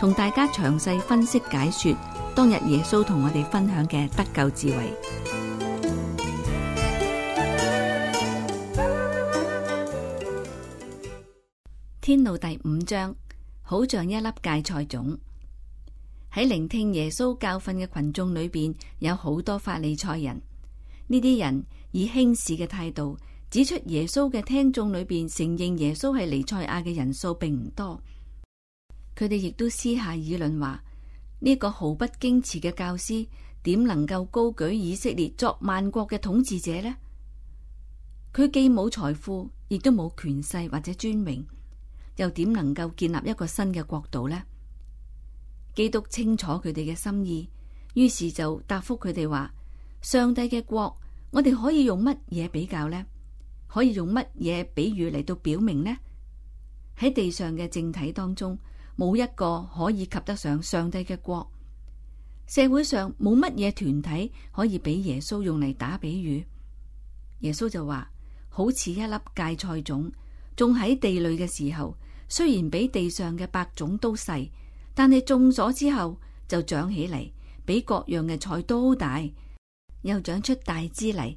同大家詳細分析解說當日耶穌同我哋分享嘅得救智慧。天路第五章，好像一粒芥菜種。喺聆聽耶穌教訓嘅群眾裏邊，有好多法利賽人。呢啲人以輕視嘅態度指出，耶穌嘅聽眾裏邊承認耶穌係彌賽亞嘅人數並唔多。佢哋亦都私下議論話：呢個毫不矜持嘅教師點能夠高舉以色列作萬國嘅統治者呢？佢既冇財富，亦都冇權勢或者尊榮，又點能夠建立一個新嘅國度呢？基督清楚佢哋嘅心意，於是就答覆佢哋話：上帝嘅國，我哋可以用乜嘢比較呢？可以用乜嘢比喻嚟到，表明呢？喺地上嘅政體當中，冇一個可以及得上上帝嘅國，社會上冇乜嘢團體可以俾耶穌用嚟打比喻。耶穌就話，好似一粒芥菜種，種喺地裏嘅時候，雖然比地上嘅百種都細，但係種咗之後就長起嚟，比各樣嘅菜都大，又長出大枝嚟，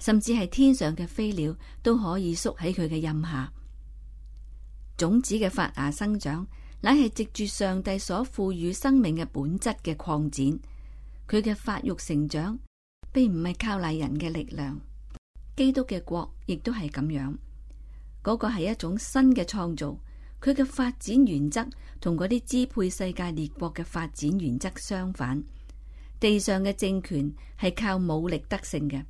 甚至係天上嘅飛鳥都可以縮喺佢嘅蔭下。種子嘅發芽生長。乃係藉住上帝所賦予生命嘅本質嘅擴展，佢嘅發育成長並唔係靠賴人嘅力量。基督嘅國亦都係咁樣，嗰個係一種新嘅創造。佢嘅發展原則同嗰啲支配世界列國嘅發展原則相反。地上嘅政權係靠武力得勝嘅，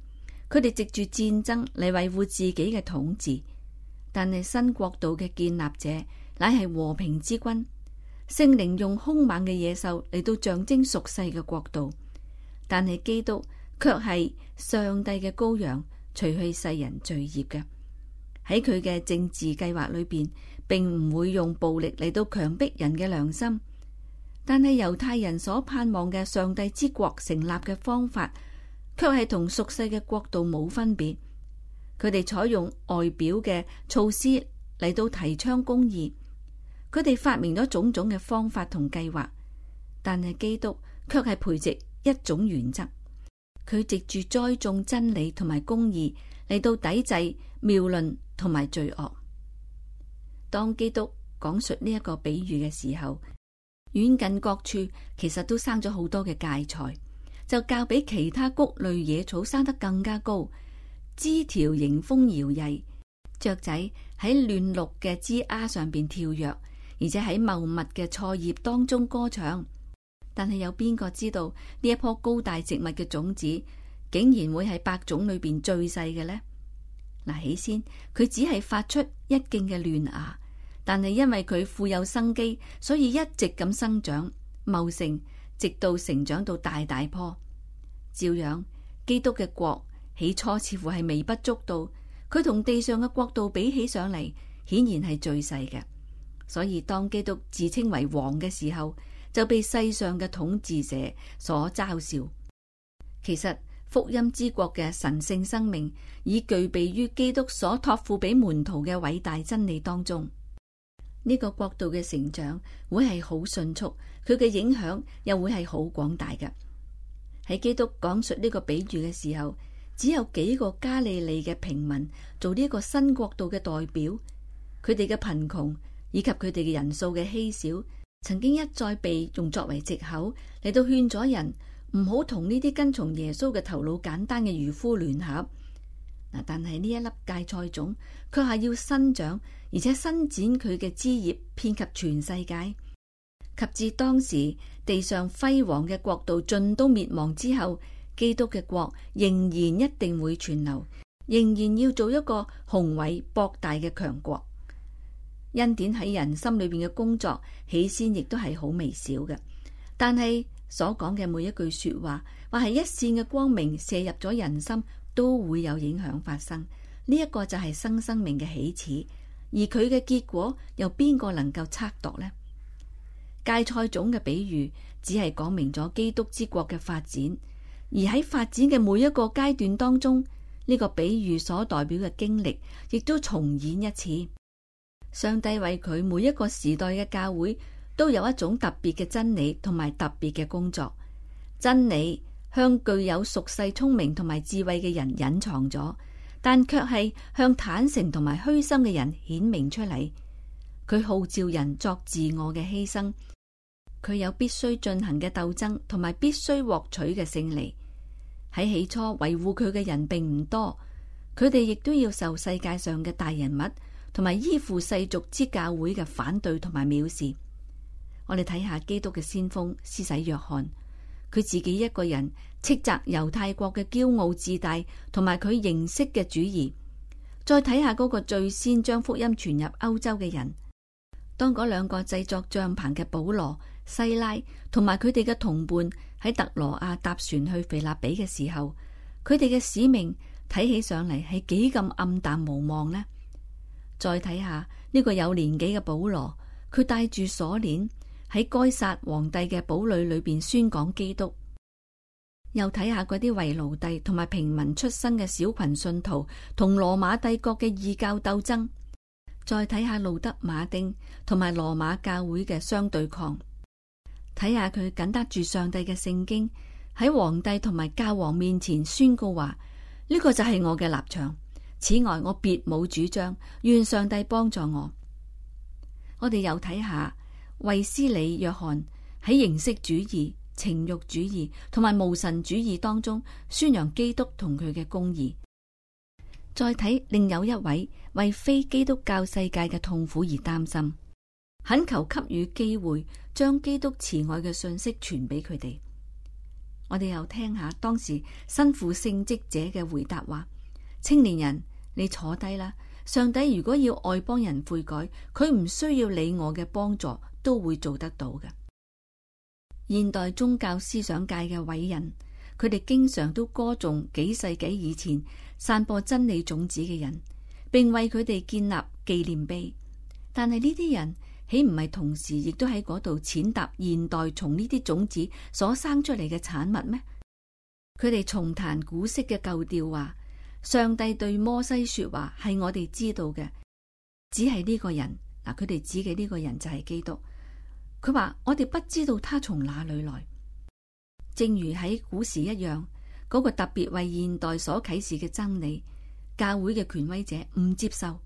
佢哋藉住戰爭嚟維護自己嘅統治。但係新國度嘅建立者乃係和平之君。聖靈用兇猛嘅野獸嚟到象徵屬世嘅國度，但係基督卻係上帝嘅羔羊，除去世人罪孽的嘅。喺佢嘅政治計劃裏邊，並唔會用暴力嚟到強迫人嘅良心。但係猶太人所盼望嘅上帝之國成立嘅方法，卻係同屬世嘅國度冇分別。佢哋採用外表嘅措施嚟到提倡公義。佢哋發明咗種種嘅方法同計劃，但係基督卻係培植一種原則，佢藉住栽種真理同埋公義嚟到抵制謬論同埋罪惡。當基督講述呢一個比喻嘅時候，遠近各處其實都生咗好多嘅芥菜，就較比其他穀類野草生得更加高，枝條迎風搖曳，雀仔喺嫩綠嘅枝丫上邊跳躍。而且喺茂密嘅菜葉當中歌唱，但係有邊個知道呢一棵高大植物嘅種子竟然會係百種裏邊最細嘅咧？嗱，起先佢只係發出一莖嘅嫩芽，但係因為佢富有生機，所以一直咁生長茂盛，直到成長到大大棵。照樣，基督嘅國起初似乎係微不足道，佢同地上嘅國度比起上嚟，顯然係最細嘅。所以，當基督自稱為王嘅時候，就被世上嘅統治者所嘲笑。其實，福音之國嘅神聖生命已具備於基督所託付俾門徒嘅偉大真理當中。呢個國度嘅成長會係好迅速，佢嘅影響又會係好廣大嘅。喺基督講述呢個比喻嘅時候，只有幾個加利利嘅平民做呢個新國度嘅代表，佢哋嘅貧窮。以及佢哋嘅人數嘅稀少，曾經一再被用作為藉口嚟到勸阻人唔好同呢啲跟從耶穌嘅頭腦簡單嘅漁夫聯合。但係呢一粒芥菜種卻係要生長，而且伸展佢嘅枝葉遍及全世界，及至當時地上輝煌嘅國度盡都滅亡之後，基督嘅國仍然一定會存留，仍然要做一個宏偉博大嘅強國。恩典喺人心裏邊嘅工作，起先亦都係好微小嘅，但係所講嘅每一句說話，或係一線嘅光明射入咗人心，都會有影響發生。呢、這、一個就係新生，生命嘅起始，而佢嘅結果又邊個能夠測度呢？芥菜種嘅比喻，只係講明咗基督之國嘅發展，而喺發展嘅每一個階段當中，呢、這個比喻所代表嘅經歷，亦都重演一次。上帝為佢每一個時代嘅教會都有一種特別嘅真理同埋特別嘅工作，真理向具有俗世聰明同埋智慧嘅人隱藏咗，但卻係向坦誠同埋虛心嘅人顯明出嚟。佢號召人作自我嘅犧牲，佢有必須進行嘅鬥爭同埋必須獲取嘅勝利。喺起初維護佢嘅人並唔多，佢哋亦都要受世界上嘅大人物，同埋依附世俗之教會嘅反對同埋藐視，我哋睇下基督嘅先鋒施洗約翰，佢自己一個人斥責猶太國嘅驕傲自大同埋佢形式嘅主義。再睇下嗰個最先將福音傳入歐洲嘅人，當嗰兩個製作帳篷嘅保羅、西拉同埋佢哋嘅同伴喺特羅亞搭船去腓立比嘅時候，佢哋嘅使命睇起上嚟係幾咁暗淡無望呢？再睇下呢個有年紀嘅保羅，佢帶住鎖鏈喺該殺皇帝嘅堡壘裏邊宣講基督。又睇下嗰啲為奴隸同埋平民出身嘅小群信徒同羅馬帝國嘅異教鬥爭。再睇下路德馬丁同埋羅馬教會嘅相對抗。睇下佢緊得住上帝嘅聖經喺皇帝同埋教皇面前宣告話：呢、這個就係我嘅立場。此外我，我別冇主張，願上帝幫助我。我哋又睇下衛斯理約翰喺形式主義、情欲主義同埋無神主義當中宣揚基督同佢嘅公義。再睇另有一位為非基督教世界嘅痛苦而擔心，懇求給予機會將基督慈愛嘅信息傳俾佢哋。我哋又聽下當時身負聖職者嘅回答：話青年人。你坐低啦。上帝如果要外邦人悔改，佢唔需要你我嘅幫助，都會做得到嘅。現代宗教思想界嘅偉人，佢哋經常都歌頌幾世紀以前散播真理種子嘅人，並為佢哋建立紀念碑。但係呢啲人豈唔係同時亦都喺嗰度踐踏現代從呢啲種子所生出嚟嘅產物咩？佢哋重彈古色嘅舊調話。上帝對摩西說話係我哋知道嘅，只係呢個人嗱，佢哋指嘅呢個人就係基督。佢話我哋不知道他從哪裡來，正如喺古時一樣，嗰、那個特別為現代所啟示嘅真理，教會嘅權威者唔接受呢、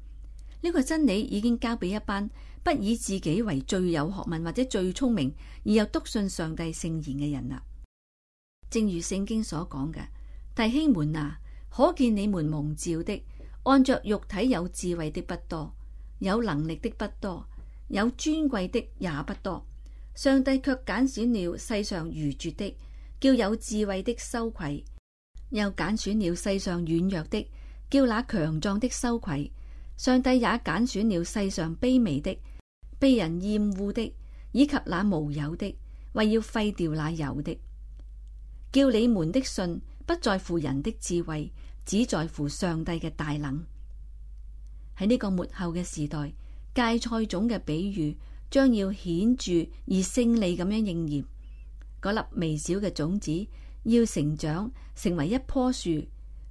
這個真理，已經交俾一班不以自己為最有學問或者最聰明，而又篤信上帝聖言嘅人啦。正如聖經所講嘅，弟兄們啊！可見你們蒙召的，按着肉體有智慧的不多，有能力的不多，有尊貴的也不多。上帝卻揀選了世上愚拙的，叫有智慧的羞愧；又揀選了世上軟弱的，叫那強壯的羞愧。上帝也揀選了世上卑微的、被人厭惡的，以及那無有的，為要廢掉那有的。叫你們的信。不在乎人的智慧，只在乎上帝嘅大能。喺呢個末後嘅時代，芥菜種嘅比喻將要顯著而勝利咁樣應驗。嗰粒微小嘅種子要成長成為一棵樹，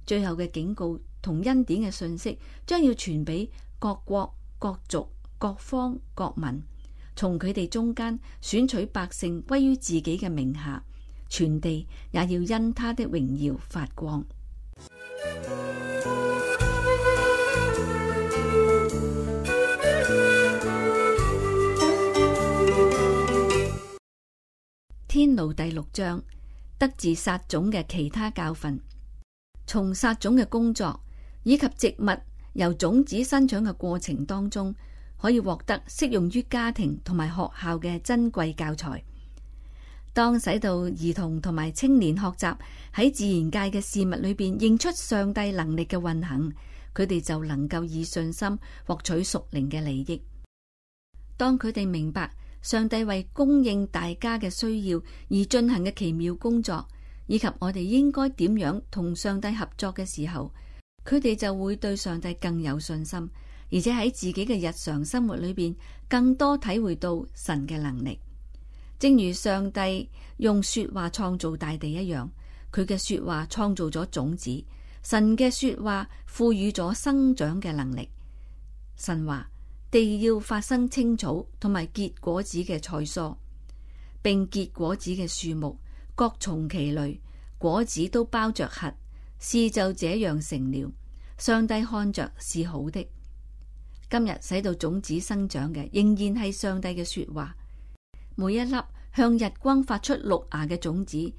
最後嘅警告同恩典嘅信息將要傳俾各國各族各方各民，從佢哋中間選取百姓歸於自己嘅名下。全地也要因他的榮耀發光。天路第六章，得自撒種嘅其他教訓，從撒種嘅工作以及植物由種子生長嘅過程當中，可以獲得適用於家庭同埋學校嘅珍貴教材。當使到兒童同埋青年學習喺自然界嘅事物裏邊認出上帝能力嘅運行，佢哋就能夠以信心獲取屬靈嘅利益。當佢哋明白上帝為供應大家嘅需要而進行嘅奇妙工作，以及我哋應該點樣同上帝合作嘅時候，佢哋就會對上帝更有信心，而且喺自己嘅日常生活裏邊更多體會到神嘅能力。正如上帝用說話創造大地一樣，佢嘅說話創造咗種子。神嘅說話賦予咗生長嘅能力。神話地要發生青草，同埋結果子嘅菜蔬，並結果子嘅樹木，各從其類，果子都包着核。事就這樣成了。上帝看着是好的。今日使到種子生長嘅，仍然係上帝嘅說話。每一粒向日光發出綠芽嘅種子，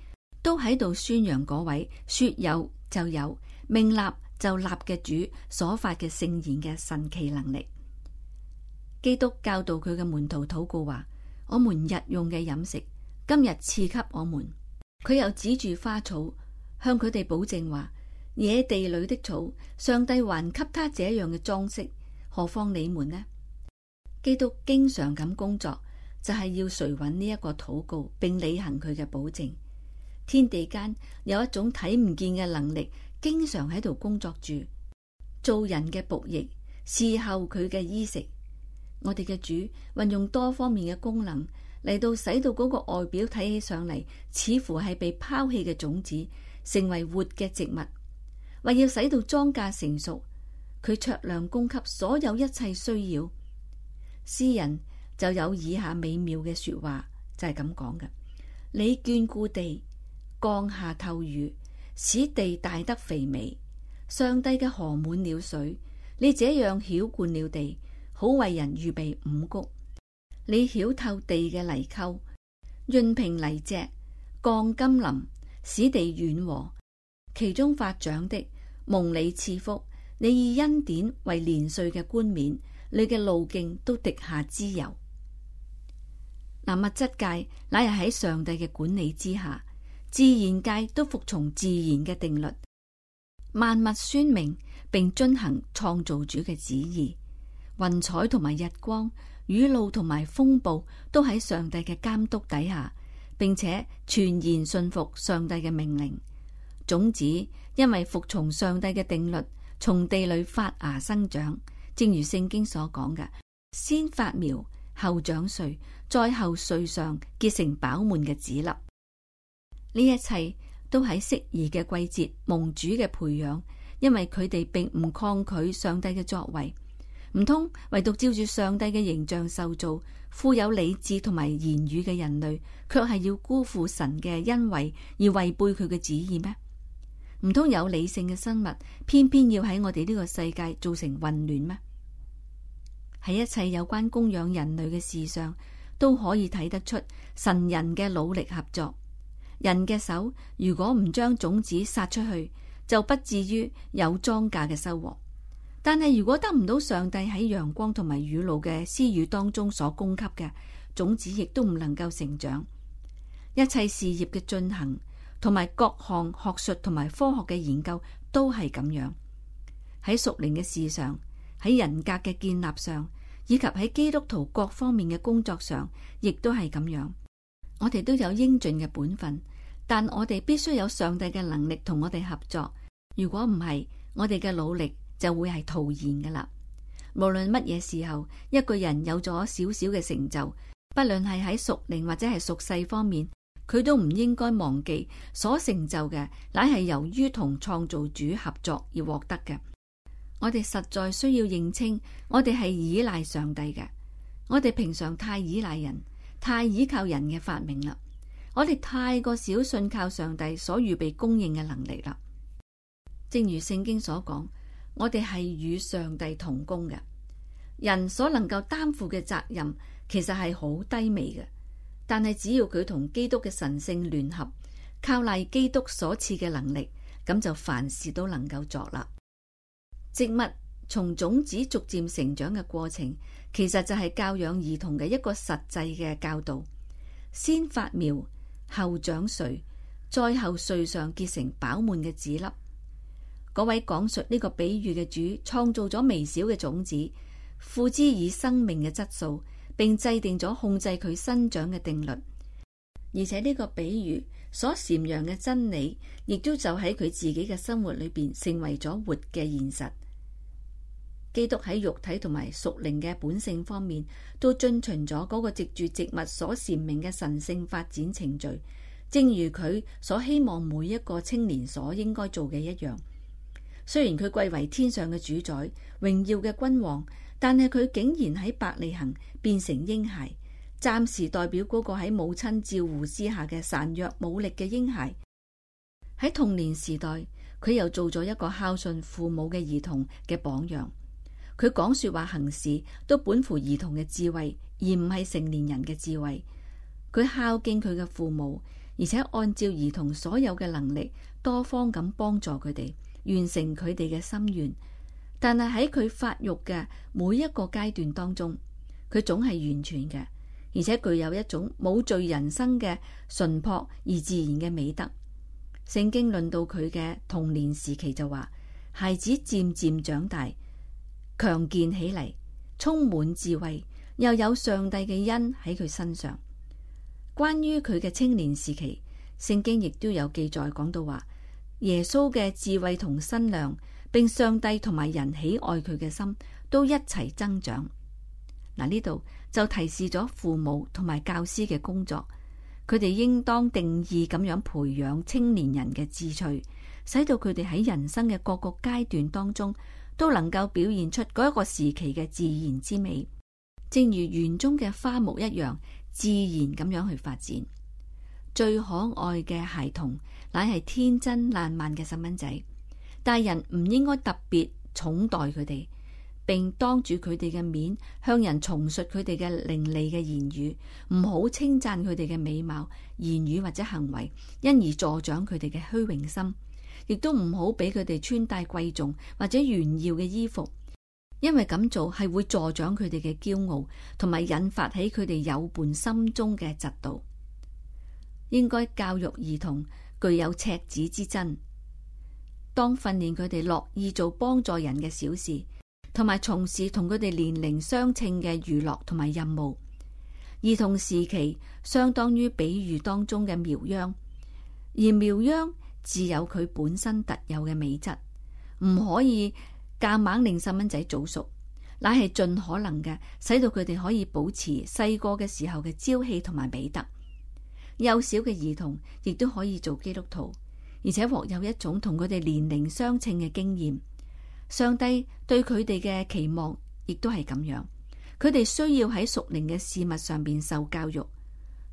都喺度宣揚嗰位說有就有，命立就立嘅主所發嘅聖言嘅神奇能力。基督教導佢嘅門徒禱告話：我們日用嘅飲食，今日賜給我們。佢又指住花草向佢哋保證話：野地裏的草，上帝還給他這樣嘅裝飾，何況你們呢？基督經常咁工作。就係要誰穩呢一個禱告，並履行佢嘅保證。天地間有一種睇唔見嘅能力，經常喺度工作住，做人嘅僕役，伺候佢嘅衣食。我哋嘅主運用多方面嘅功能嚟到使到嗰個外表睇起上嚟，似乎係被拋棄嘅種子，成為活嘅植物，為要使到莊稼成熟，佢酌量供給所有一切需要。詩人。就有以下美妙嘅說話，就係咁講嘅。你眷顧地降下透雨，使地大得肥美。上帝嘅河滿了水，你這樣曉灌了地，好為人預備五谷。你曉透地嘅泥溝，潤平泥脊，降甘霖，使地軟和，其中發長的蒙你賜福。你以恩典為年歲嘅冠冕，你嘅路徑都滴下脂油。那物質界，乃係喺上帝嘅管理之下，自然界都服從自然嘅定律，萬物宣明，並遵行創造主嘅旨意。雲彩同埋日光，雨露同埋風暴，都喺上帝嘅監督底下，並且全然信服上帝嘅命令。種子因為服從上帝嘅定律，從地裏發芽生長，正如聖經所講嘅，先發苗。後長穗，再後穗上結成飽滿嘅籽粒，呢一切都喺適宜嘅季節，蒙主嘅培養，因為佢哋並唔抗拒上帝嘅作為。唔通唯獨照住上帝嘅形象受造、富有理智同埋言語嘅人類，卻係要辜負神嘅恩惠而違背佢嘅旨意咩？唔通有理性嘅生物，偏偏要喺我哋呢個世界造成混亂咩？喺一切有關供養人類嘅事上，都可以睇得出神人嘅努力合作。人嘅手如果唔將種子撒出去，就不至於有莊稼嘅收穫。但係如果得唔到上帝喺陽光同埋雨露嘅施予當中所供給嘅種子，亦都唔能夠成長。一切事業嘅進行，同埋各項學術同埋科學嘅研究，都係咁樣。喺熟齡嘅事上。喺人格嘅建立上，以及喺基督徒各方面嘅工作上，亦都係咁樣。我哋都有英俊嘅本分，但我哋必須有上帝嘅能力同我哋合作。如果唔係，我哋嘅努力就會係徒然嘅啦。無論乜嘢時候，一個人有咗少少嘅成就，不論係喺屬靈或者係屬世方面，佢都唔應該忘記所成就嘅乃係由於同創造主合作而獲得嘅。我哋實在需要認清，我哋係依賴上帝嘅。我哋平常太依賴人，太依靠人嘅發明啦。我哋太過少信靠上帝所預備供應嘅能力啦。正如聖經所講，我哋係與上帝同工嘅。人所能夠擔負嘅責任，其實係好低微嘅。但係只要佢同基督嘅神聖聯合，靠賴基督所賜嘅能力，咁就凡事都能夠作啦。植物從種子逐漸成長嘅過程，其實就係教養兒童嘅一個實際嘅教導。先發苗，後長穗，再後穗上結成飽滿嘅籽粒。嗰位講述呢個比喻嘅主，創造咗微小嘅種子，賦之以生命嘅質素，並制定咗控制佢生長嘅定律。而且呢個比喻所禪揚嘅真理，亦都就喺佢自己嘅生活裏面成為咗活嘅現實。基督喺肉體同埋屬靈嘅本性方面，都遵循咗嗰個藉住植物所闡明嘅神聖發展程序，正如佢所希望每一個青年所應該做嘅一樣。雖然佢貴為天上嘅主宰、榮耀嘅君王，但係佢竟然喺伯利恆變成嬰孩，暫時代表嗰個喺母親照護之下嘅孱弱、冇力嘅嬰孩。喺童年時代，佢又做咗一個孝順父母嘅兒童嘅榜樣。佢講說話、行事都本乎兒童嘅智慧，而唔係成年人嘅智慧。佢孝敬佢嘅父母，而且按照兒童所有嘅能力，多方咁幫助佢哋完成佢哋嘅心願。但係喺佢發育嘅每一個階段當中，佢總係完全嘅，而且具有一種冇罪人生嘅純樸而自然嘅美德。聖經論到佢嘅童年時期就話，孩子漸漸長大，強健起嚟，充滿智慧，又有上帝嘅恩喺佢身上。關於佢嘅青年時期，聖經亦都有記載講到話，耶穌嘅智慧同身量，並上帝同埋人喜愛佢嘅心，都一齊增長。嗱，呢度就提示咗父母同埋教師嘅工作，佢哋應當定義咁樣培養青年人嘅智趣，使到佢哋喺人生嘅各個階段當中都能夠表現出嗰一個時期嘅自然之美，正如園中嘅花木一樣，自然咁樣去發展。最可愛嘅孩童，乃係天真爛漫嘅細蚊仔。大人唔應該特別寵待佢哋，並當住佢哋嘅面向人重述佢哋嘅伶俐嘅言語，唔好稱讚佢哋嘅美貌、言語或者行為，因而助長佢哋嘅虛榮心。亦都唔好俾佢哋穿戴貴重或者炫耀嘅衣服，因為咁做係會助長佢哋嘅驕傲，同埋引發起佢哋友伴心中嘅嫉妒。應該教育兒童具有赤子之真，當訓練佢哋樂意做幫助人嘅小事，同埋從事同佢哋年齡相稱嘅娛樂同埋任務。兒童時期相當於比喻當中嘅苗秧，而苗秧。自有佢本身特有嘅美質，唔可以夾硬令細蚊仔早熟，乃係盡可能嘅，使到佢哋可以保持細個嘅時候嘅朝氣同埋美德。幼小嘅兒童亦都可以做基督徒，而且獲有一種同佢哋年齡相稱嘅經驗。上帝對佢哋嘅期望亦都係咁樣，佢哋需要喺屬靈嘅事物上邊受教育。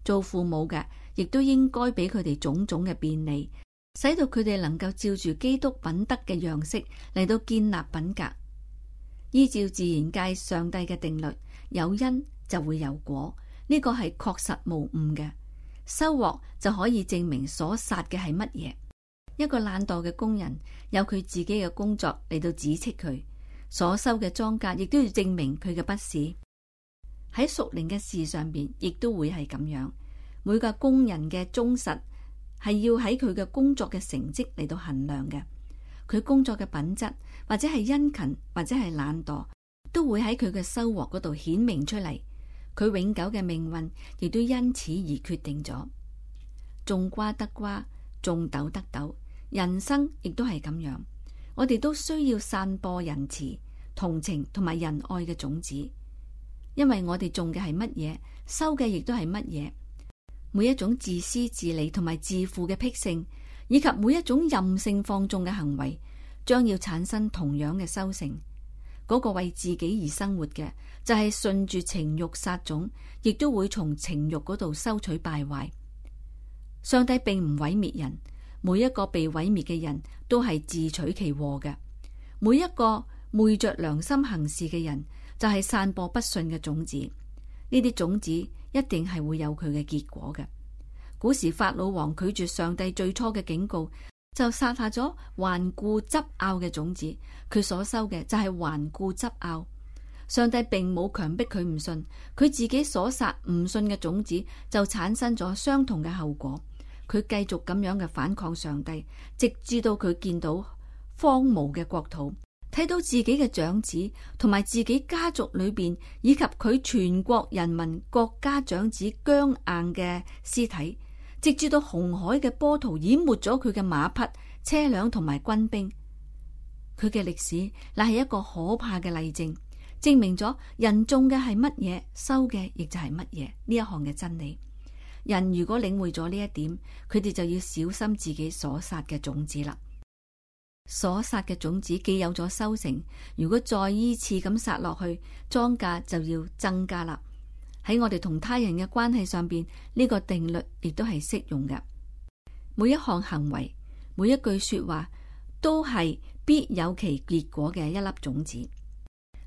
做父母嘅亦都應該俾佢哋種種嘅便利。使到佢哋能夠照住基督品德嘅樣式嚟到建立品格，依照自然界上帝嘅定律，有因就會有果，呢、這個係確實無誤嘅。收穫就可以證明所撒嘅係乜嘢。一個懶惰嘅工人有佢自己嘅工作嚟到指斥佢所收嘅莊稼，亦都要證明佢嘅不是。喺屬靈嘅事上邊，亦都會係咁樣。每個工人嘅忠實。係要喺佢嘅工作嘅成績嚟到衡量嘅，佢工作嘅品質，或者係殷勤，或者係懶惰，都會喺佢嘅收穫嗰度顯明出嚟。佢永久嘅命運亦都因此而決定咗。種瓜得瓜，種豆得豆，人生亦都係咁樣。我哋都需要散播仁慈、同情同埋仁愛嘅種子，因為我哋種嘅係乜嘢，收嘅亦都係乜嘢。每一種自私自利同埋自負嘅癖性，以及每一種任性放縱嘅行為，將要產生同樣嘅收成。嗰個為自己而生活嘅，就係順住情慾撒種，亦都會從情慾嗰度收取敗壞。上帝並唔毀滅人，每一個被毀滅嘅人都係自取其禍嘅。每一個昧着良心行事嘅人，就係散播不信嘅種子。呢啲種子一定係會有佢嘅結果嘅。古時法老王拒絕上帝最初嘅警告，就撒下咗頑固執拗嘅種子，佢所收嘅就係頑固執拗。上帝並冇強迫佢唔信，佢自己所撒唔信嘅種子就產生咗相同嘅後果。佢繼續咁樣嘅反抗上帝，直至到佢見到荒蕪嘅國土。睇到自己嘅長子，同埋自己家族裏邊，以及佢全國人民國家長子僵硬嘅屍體，直至到紅海嘅波濤淹沒咗佢嘅馬匹、車輛同埋軍兵。佢嘅歷史乃係一個可怕嘅例證，證明咗人種嘅係乜嘢，收嘅亦就係乜嘢呢一項嘅真理。人如果領會咗呢一點，佢哋就要小心自己所撒嘅種子啦。所殺嘅種子既有咗收成，如果再依次咁殺落去，莊稼就要增加啦。喺我哋同他人嘅關係上邊，呢個定律亦都係適用嘅。每一項行為，每一句說話，都係必有其結果嘅一粒種子。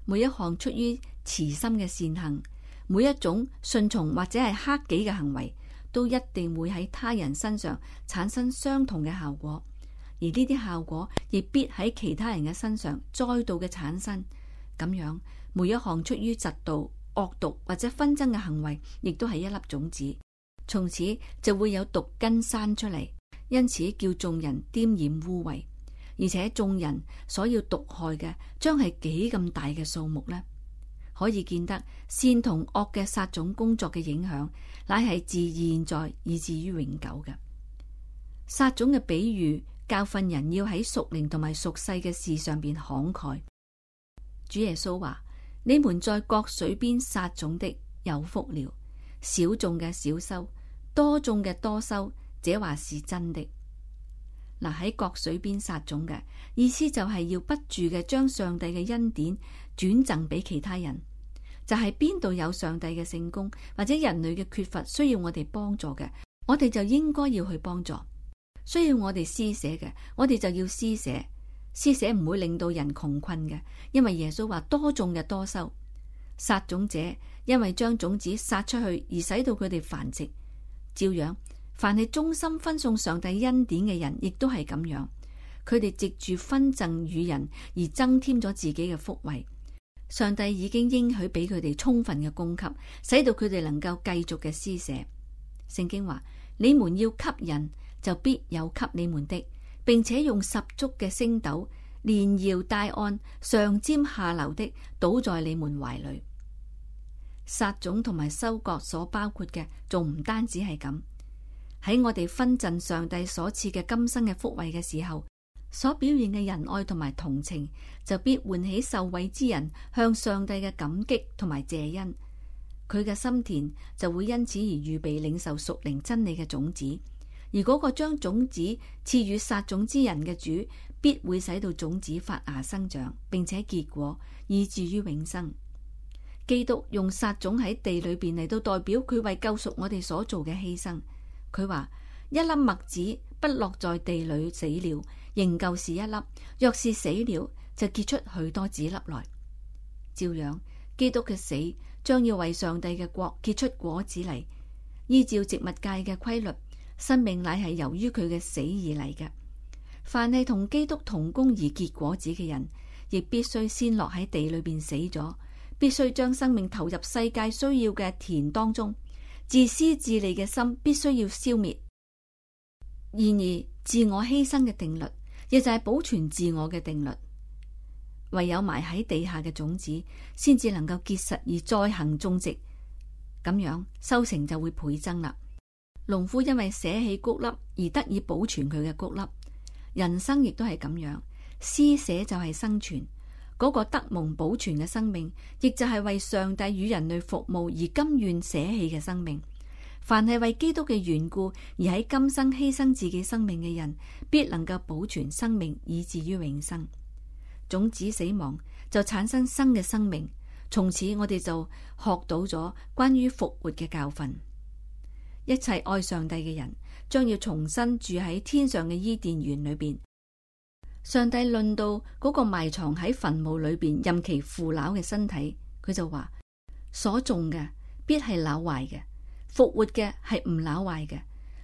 每一項出於慈心嘅善行，每一種順從或者係克己嘅行為，都一定會喺他人身上產生相同嘅效果。而呢啲效果亦必喺其他人嘅身上再度嘅產生。咁樣，每一項出於嫉妒、惡毒或者紛爭嘅行為，亦都係一粒種子，從此就會有毒根生出嚟，因此叫眾人沾染污穢。而且眾人所要毒害嘅，將係幾咁大嘅數目咧？可以見得善同惡嘅殺種工作嘅影響，乃係自現在以至於永久嘅殺種嘅比喻。教訓人要喺屬靈同埋屬世嘅事上邊慷慨。主耶穌話：你們在各水邊撒種的有福了，少種嘅少收，多種嘅多收。這話是真的。嗱、啊，喺各水邊撒種嘅意思就係要不住嘅將上帝嘅恩典轉贈俾其他人，就係邊度有上帝嘅聖功或者人類嘅缺乏需要我哋幫助嘅，我哋就應該要去幫助。需要我哋施捨嘅，我哋就要施捨。施捨唔會令到人窮困嘅，因為耶穌話多種嘅多收。撒種者因為將種子撒出去而使到佢哋繁殖。照樣凡係忠心分送上帝恩典嘅人，亦都係咁樣。佢哋藉住分贈與人而增添咗自己嘅福惠。上帝已經應許俾佢哋充分嘅供給，使到佢哋能夠繼續嘅施捨。聖經話：你們要給人。就必有給你們的，並且用十足嘅星斗連搖帶按上尖下流的倒在你們懷裏。撒種同埋收割所包括嘅，仲唔單止係咁。喺我哋分贈上帝所賜嘅今生嘅福惠嘅時候，所表現嘅仁愛同埋同情，就必喚起受惠之人向上帝嘅感激同埋謝恩。佢嘅心田就會因此而預備領受屬靈真理嘅種子。而嗰個將種子賜予撒種之人嘅主，必會使到種子發芽生長，並且結果，以至於永生。基督用撒種喺地裏邊嚟，到代表佢為救贖我哋所做嘅犧牲。佢話，一粒麥子不落在地裏死了，仍舊是一粒；若是死了，就結出許多子粒來。照樣，基督嘅死將要為上帝嘅國結出果子嚟，依照植物界嘅規律。生命乃係由於佢嘅死而嚟嘅。凡係同基督同工而結果子嘅人，亦必須先落喺地裏邊死咗，必須將生命投入世界需要嘅田當中。自私自利嘅心必須要消滅。然而，自我犧牲嘅定律亦就係保存自我嘅定律。唯有埋喺地下嘅種子，先至能夠結實而再行種植，咁樣收成就會倍增啦。農夫因為捨棄穀粒而得以保存佢嘅穀粒，人生亦都係咁樣，施捨就係生存，嗰個得蒙保存嘅生命，亦就係為上帝與人類服務而甘願捨棄嘅生命。凡係為基督嘅緣故而喺今生犧牲自己生命嘅人，必能夠保存生命以至於永生。種子死亡就產生新嘅生命，從此我哋就學到咗關於復活嘅教訓。一切愛上帝嘅人將要重新住喺天上嘅伊甸園裏邊。上帝論到嗰個埋藏喺墳墓裏邊任其腐朽嘅身體，佢就話：所種嘅必係朽壞嘅，復活嘅係唔朽壞嘅；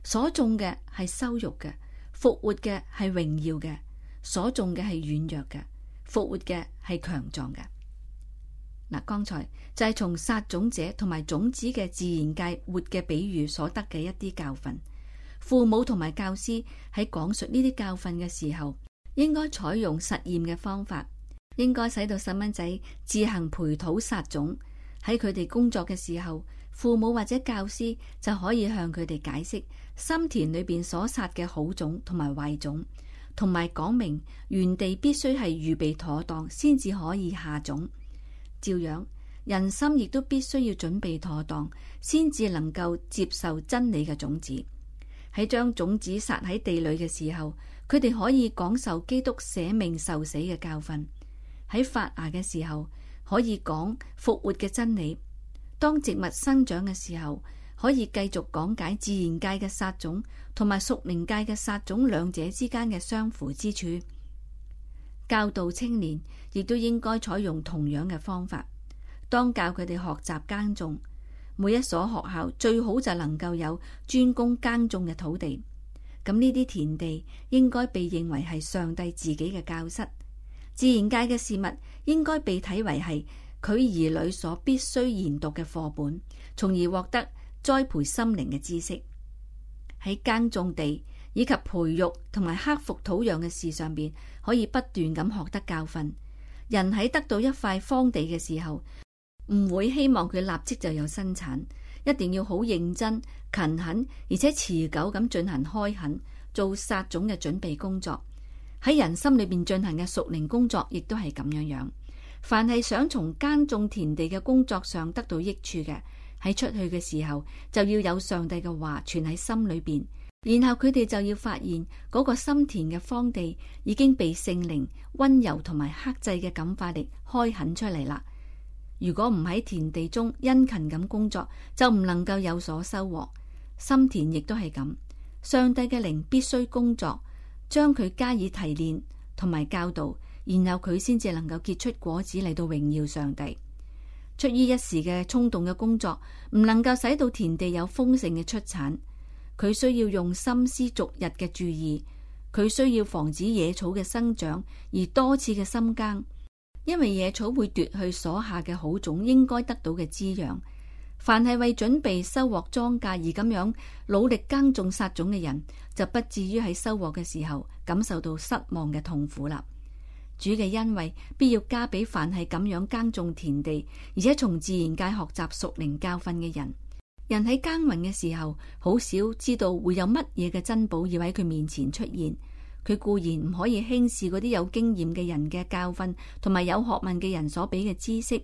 所種嘅係羞辱嘅，復活嘅係榮耀嘅；所種嘅係軟弱嘅，復活嘅係強壯嘅。嗱，剛才就係、是、從撒種者同埋種子嘅自然界活嘅比喻所得嘅一啲教訓。父母同埋教師喺講述呢啲教訓嘅時候，應該採用實驗嘅方法，應該使到細蚊仔自行培土撒種。喺佢哋工作嘅時候，父母或者教師就可以向佢哋解釋心田裏邊所撒嘅好種同埋壞種，同埋講明原地必須係預備妥當先至可以下種。照樣，人心亦都必須要準備妥當，先至能夠接受真理嘅種子。喺將種子撒喺地裏嘅時候，佢哋可以講受基督捨命受死嘅教訓；喺發芽嘅時候，可以講復活嘅真理；當植物生長嘅時候，可以繼續講解自然界嘅撒種同埋屬靈界嘅撒種兩者之間嘅相符之處。教導青年亦都應該採用同樣嘅方法，當教佢哋學習耕種。每一所學校最好就能夠有專攻耕種嘅土地，咁呢啲田地應該被認為係上帝自己嘅教室。自然界嘅事物應該被睇為係佢兒女所必須研讀嘅課本，從而獲得栽培心靈嘅知識。喺耕種地，以及培育同埋克服土壤嘅事上邊，可以不斷咁學得教訓。人喺得到一塊荒地嘅時候，唔會希望佢立即就有生產，一定要好認真、勤懇而且持久咁進行開墾，做撒種嘅準備工作。喺人心裏邊進行嘅屬靈工作，亦都係咁樣樣。凡係想從耕種田地嘅工作上得到益處嘅，喺出去嘅時候就要有上帝嘅話存喺心裏邊。然後佢哋就要發現嗰個心田嘅荒地已經被聖靈溫柔同埋克制嘅感化力開墾出嚟啦。如果唔喺田地中殷勤咁工作，就唔能夠有所收穫。心田亦都係咁，上帝嘅靈必須工作，將佢加以提煉同埋教導，然後佢先至能夠結出果子嚟到榮耀上帝。出於一時嘅衝動嘅工作，唔能夠使到田地有豐盛嘅出產。佢需要用心思逐日嘅注意，佢需要防止野草嘅生長而多次嘅深耕，因為野草會奪去所下嘅好種應該得到嘅滋養。凡係為準備收穫莊稼而咁樣努力耕種撒種嘅人，就不至於喺收穫嘅時候感受到失望嘅痛苦啦。主嘅恩惠必要加俾凡係咁樣耕種田地，而且從自然界學習屬靈教訓嘅人。人喺耕耘嘅時候，好少知道會有乜嘢嘅珍寶要喺佢面前出現。佢固然唔可以輕視嗰啲有經驗嘅人嘅教訓，同埋有學問嘅人所俾嘅知識，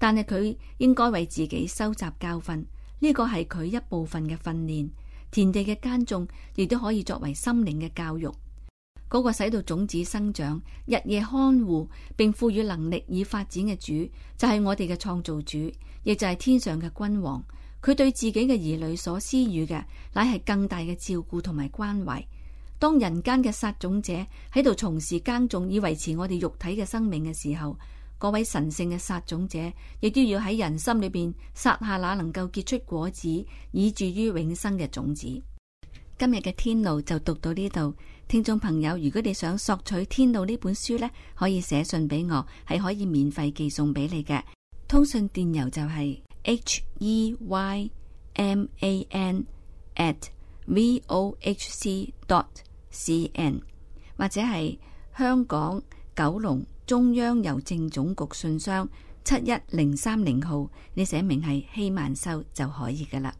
但係佢應該為自己收集教訓。呢個係佢一部分嘅訓練。田地嘅耕種亦都可以作為心靈嘅教育。嗰個使到種子生長、日夜看護並賦予能力以發展嘅主，就係我哋嘅創造主，亦就係天上嘅君王。佢對自己嘅兒女所施予嘅，乃係更大嘅照顧同埋關懷。當人間嘅撒種者喺度從事耕種，以維持我哋肉體嘅生命嘅時候，嗰位神聖嘅撒種者亦都要喺人心裏邊撒下那能夠結出果子，以至於永生嘅種子。今日嘅天路就讀到呢度，聽眾朋友，如果你想索取天路呢本書呢，可以寫信俾我，係可以免費寄送俾你嘅。通訊電郵就係、是。Heyman at vohc dot cn，或者係香港九龍中央郵政總局信箱七一零三零號，你寫明係希曼秀就可以噶啦。